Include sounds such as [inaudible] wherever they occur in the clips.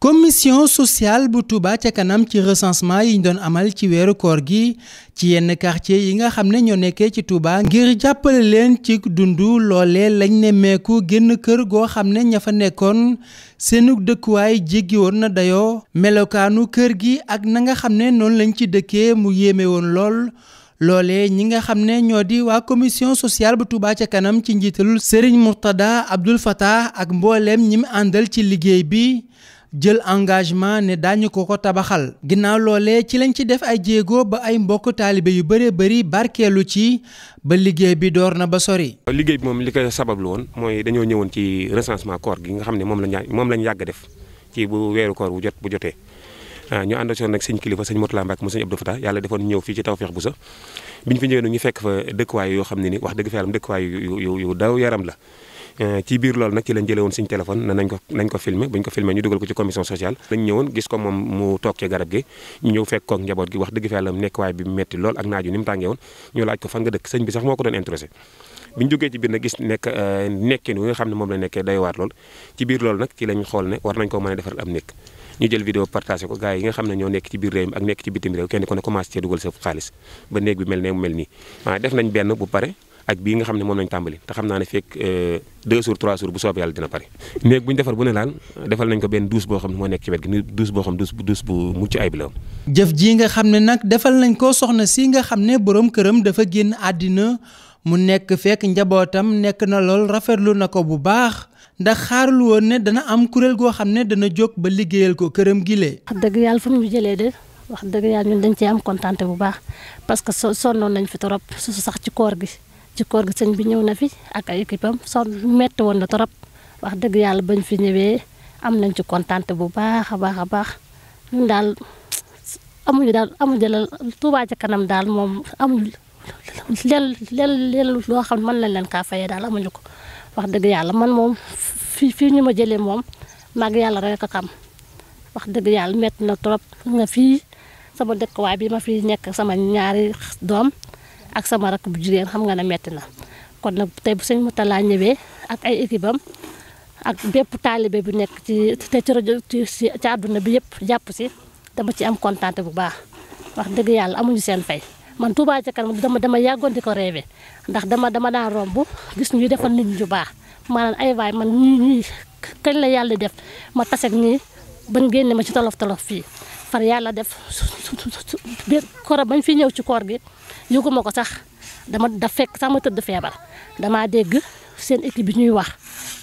commission sociale bu Touba ca kanam ci recensement yi ñu doon amal ci weeru koor gi ci yenn quartier yi nga xam ne ñoo nekkee ci Touba ngir jàppale leen ci dundu loolee lañ nemmeeku génn kër goo xam ne ña fa nekkoon seenu dëkkuwaay jéggi woon na dayoo melokaanu kër gi ak na nga xam ne noonu lañ ci dëkkee mu yéeme woon lool loole ñi nga xam ne ñoo di waa commission sociale bu Touba ca kanam ci njiitalul Serigne Mourtada Abdoul Fattah ak mbooleem ñi mu àndal ci liggéey bi jël engagement ne daañu ko ko tabaxal ginnaaw loolee ci lañ ci def ay jéego ba ay mbokk taalibe yu bëree bëri barkeelu ci ba liggéey bi door na ba sori. liggéey bi moom li ko sabablu woon mooy dañoo ñëwoon ci recensement koor gi nga xam ne moom lañ moom lañ yàgg def ci bu weeru koor bu jot bu jotee. Ah, ñu ànd soon nag sëñ kilifa sëñ Motula Mbacke mu sëñ Abdou Fatah yàlla defoon ñëw fii ci Tawfekh Bousso biñ fi ñëwee ñu fekk fa dëkkuwaay yoo xam ne ni wax dëgg fa yàlla dëkkuwaay yu yu daw yaram la Euh, ci biir loolu nag ci lañ jëlee woon suñu téléphone ne nañ ko nañ ko filmer bañ ko filmer ñu dugal ko ci commission sociale lañ ñëwoon gis ko moom mu toog ci garab gi ñëw fekk kook njaboot gi wax dëgg fa yàlla lool ak naaju ni mu tàngee woon ñu laaj ko fan nga dëkk sëñ bi sax moo ko doon intéressé bi ñu jógee nekk euh, nekkin moom la nekkee day waar lool ci biir loolu nag ci lañ xool ne war nañ ko mën a defaral jël vidéo partagé nga xam ne ñoo nekk ci biir réew mi ak nekk ci bitim réew kenn ku ne commencé cee dugal sa xaalis bi mel ne mel nii waaw ah, def nañ benn bu pare ak bii nga xam ne moom lañ tàmbali te xam naa ne fekk euh, deux jours trois jours bu soob yàlla dina pare néeg bu defar bu ne laal defal nañ ko benn douche boo xam ne moo nekk ci gi nga xam ne nag defal nañ ko soxna si nga xam ne borom këram dafa génn àddina mu nekk fekk njabootam nekk na lool rafetlu na ko bu baax ndax xaarul woon ne dana am kuréel goo xam ne dana jóg ba liggéeyal ko këram gilee wax dëgg yàlla fu mu jëlee de wax dëgg yàlla ñun dañ cee am kontaan bu baax parce que sonnoon nañ fi trop sax ci koor gi ci koor sëñ bi ñëw na fi ak ay équipe am son metti woon na trop wax dëgg yàlla bañ fi ñëwee am nañ ci kontaan bu baax a baax a baax ñun daal amuñu daal amuñu la Touba ca kanam daal moom amuñu leen leen loo xam man mën leen kaa fayee daal amuñu ko wax dëgg yàlla man moom fii fii ñu ma jëlee moom maag yàlla rek a xam wax dëgg yàlla metti na trop nga fii sama dëkkuwaay bi ma fi nekk sama ñaari doom ak sama rakk bu jigéen xam nga ne metti na kon nag tey bu sëñ Moutalla ñëwee ak ay équipe ak bépp taalibe bu nekk ci te ci rajo àdduna bi yëpp jàpp si dama ci am kontaan bu baax wax dëgg yàlla amuñu seen fay man Touba ca ma dama dama yàggoon di ko rêvé ndax dama dama daan romb gis ñuy defal nit ñi ju baax maanaam ay waay man ñii ñii kañ la yàlla def ma taseeg ñii bañ génne ma ci tolof tolof fii. far yàlla def biir koor bañ fi ñëw ci koor gi yëguma ko sax dama daf fekk sax ma tëdd feebar damaa dégg seen équipe bi ñuy wax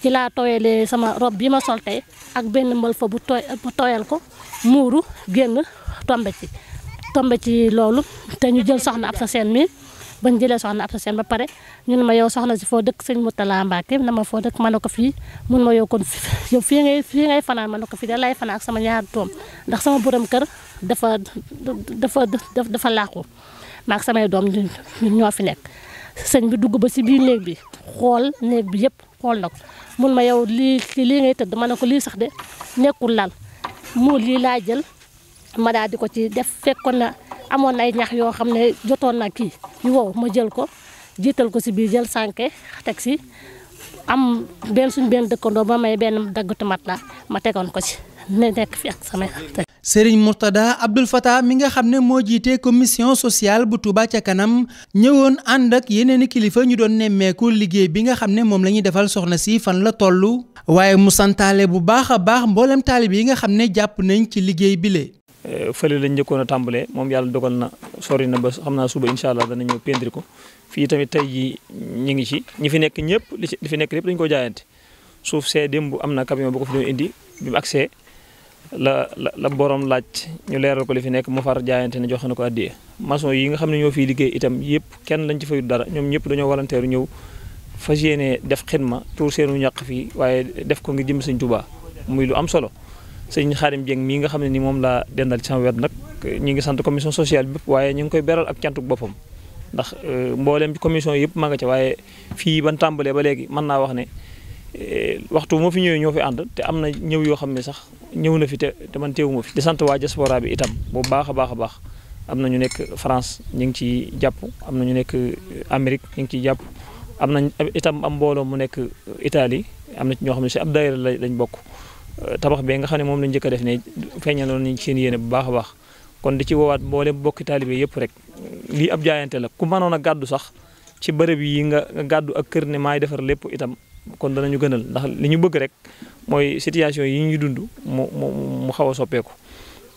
ci laa tooyalee sama rob bi ma sol tey ak benn mbal fa bu tooyal ko muuru génn tombe ci tombe ci loolu te ñu jël soxna ab sa seen mi bañ jëlee soxna Absa Sène ba pare ñun ma yow soxna si foo dëkk sëñ Moutala Mbacke na ma foo dëkk ma ne ko fii mun ma yow kon [laughs] yow fii ngay fii ngay fanaan ma ne ko fii da lay fanaan sama ñaar doom ndax sama borom kër dafa dafa dafa làqu maak samay doom ñoo fi nekk sëñ bi dugg ba si biir néeg bi xool néeg bi yëpp xool na ko mun ma yow lii lii ngay tëdd ma ne ko lii sax de nekkul lal muul laa jël ma di ko ci def fekkoon na amoon ay ñax yoo xam ne jotoon na kii yu wow ma jël ko jiital ko si biir jël sànke teg si am benn suñ benn dëkkandoo ba may benn dagg tomate la ma tegoon ko ci ne nekk fi ak samay Serigne Mourtada mi nga xam ne moo jiite commission sociale bu Touba ca kanam ñëwoon ànd ak yeneen kilifa ñu doon nemmeeku liggéey bi nga xam ne moom la ñuy defal soxna si fan la toll waaye mu bu baax a baax mboolem taalib yi nga xam ne jàpp nañ ci liggéey bile. Euh, fële la njëkkoon a tàmbalee moom yàlla dogal na sori na ba xam naa suba incha allah dana ñëw péntri ko fii tamit tey jii ñu ngi ci ñi fi nekk ñëpp li fi nekk lépp dañu ko jaayante suuf see démb am na camion bu ko fi indi bi mu agsee la la la borom laaj ñu leeral ko li fi nekk mu far jaayante ne joxe na ko addiye yi nga xam ne ñoo fiy liggéey itam yëpp kenn lañ fa fayu dara ñoom ñëpp dañoo walanteeru ñëw fa yéene def xidma tuur seenu ñàq fii waaye def ko ngi jëm Sëñ Tuubaa muy lu am solo sëñ Xaarim Dieng mii nga xam ne ni moom laa dendal ci sama wet nag ñu ngi sant commission sociale bépp waaye ñu ngi koy beral ak cantuk boppam ndax euh, mbooleem commission yëpp maa nga ca waaye fii ban tàmbalee ba léegi mën naa wax ne euh, waxtu moo fi ñëwee ñoo fi ànd te am na ñëw yoo xam ne sax ñëw na fi te te man teewuma fi di sant waa diaspora bi itam bu baax a baax a baax am na ñu nekk France ñu ngi ciy jàpp am na ñu nekk euh, Amérique ñu ngi ciy jàpp am na itam am mbooloo mu nekk itali am na ci ñoo xam ne si ab daayira lañ bokk tabax bee nga xam ne moom lañ njëkk a def ne feeñaloon nañ seen yéene bu baax a baax kon di ci woowaat boole bokki taalibe yëpp rek lii ab jaayante la ku mënoon a gàddu sax ci bërëb yi nga gàddu ak kër ne maay defar lépp itam kon danañu gënal ndax li ñu bëgg rek mooy situation yi ñu dund mu mu mu xaw a soppeeku.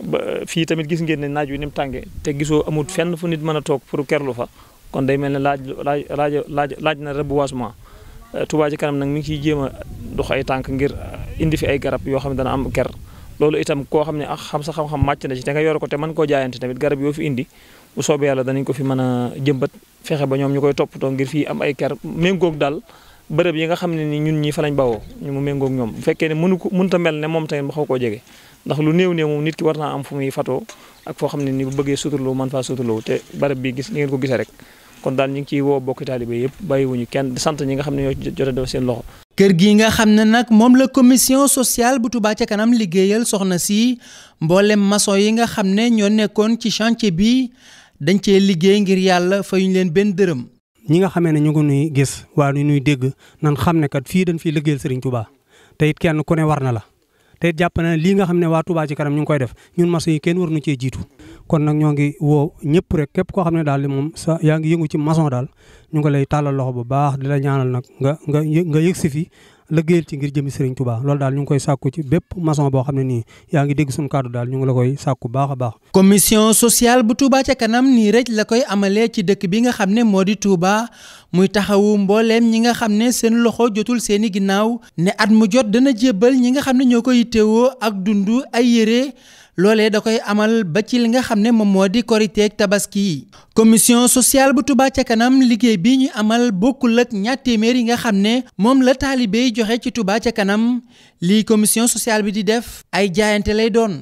ba fii tamit gis ngeen ne naaj wi ni mu tàngee te gisoo amut fenn fu nit mën a toog pour kerlu fa kon day mel ne laaj laaj laaj laaj na reboisement Touba Ca Kanam nag mi ngi ciy jéem a dox ay tànk ngir indi fi ay garab yoo xam ne dana am ker loolu itam koo xam ne ah xam sa xam-xam màcc na ci te nga yor ko te mën koo jaayante tamit garab yoo fi indi bu soobee yàlla danañ ko fi mën a jëmbat fexe ba ñoom ñu koy toppatoo ngir fii am ay ker méngoog daal bërëb yi nga xam ne ni ñun ñi fa lañ bawoo ñu mu méngoog ñoom bu fekkee ne mënu ko mënta mel ne moom tamit mu xaw koo jege ndax lu néew néew moom nit ki war naa am fu muy fatoo ak foo xam ne ni bu bëggee suturloo mën faa suturloo te bërëb bi gis ni ngeen ko gisee rek kon daal ñu ngi ciy woo bokki taalibe yëpp bàyyiwuñu kenn di sant ñi nga xam ne ñoo jot a def seen loxo. kër gi nga xam ne nag moom la commission sociale bu Touba ca kanam liggéeyal soxna si mboolem maçon yi nga xam ne ñoo nekkoon ci chantier bi dañ cee liggéey ngir yàlla fayuñ leen benn dërëm. ñi nga xamee ne ñu ngi nuy gis waa nu ñuy dégg nan xam ne kat fii dañ fiy liggéeyal Serigne Touba te it kenn ku ne war na la te jàpp na lii nga xam ne waa Touba ci kanam ñu ngi koy def ñun maçon yi kenn war nu cee jiitu kon nag ñoo ngi woo ñëpp rek képp koo xam ne daal moom sa yaa ngi yëngu ci maçon daal ñu ngi lay tàllal loxo bu baax di la ñaanal nag nga nga nga yëg si fi liggéeyal ci ngir jëmi Serigne Touba loolu daal ñu ngi koy sàkku ci bépp maçon boo xam ne nii yaa ngi dégg suñu kàddu daal ñu ngi la koy sàkku baax a baax commission sociale bu Touba ca kanam nii rek la koy amalee ci dëkk bi nga xam ne moo di Touba muy taxawu mbooleem ñi nga xam ne seen loxo jotul seeni ginnaaw ne at mu jot dana jébbal ñi nga xam ne ñoo koy yittewoo ak dund ay yére loole da koy amal ba ci li nga xam ne moom moo di koriteeg tabaski yi commission sociale bu tubaa ca kanam liggéey bi ñu amal bokkul ak ñaar yi nga xam ne moom la taalibe joxe ci tubaa ca kanam lii commission sociale bi di def ay jaayante lay doon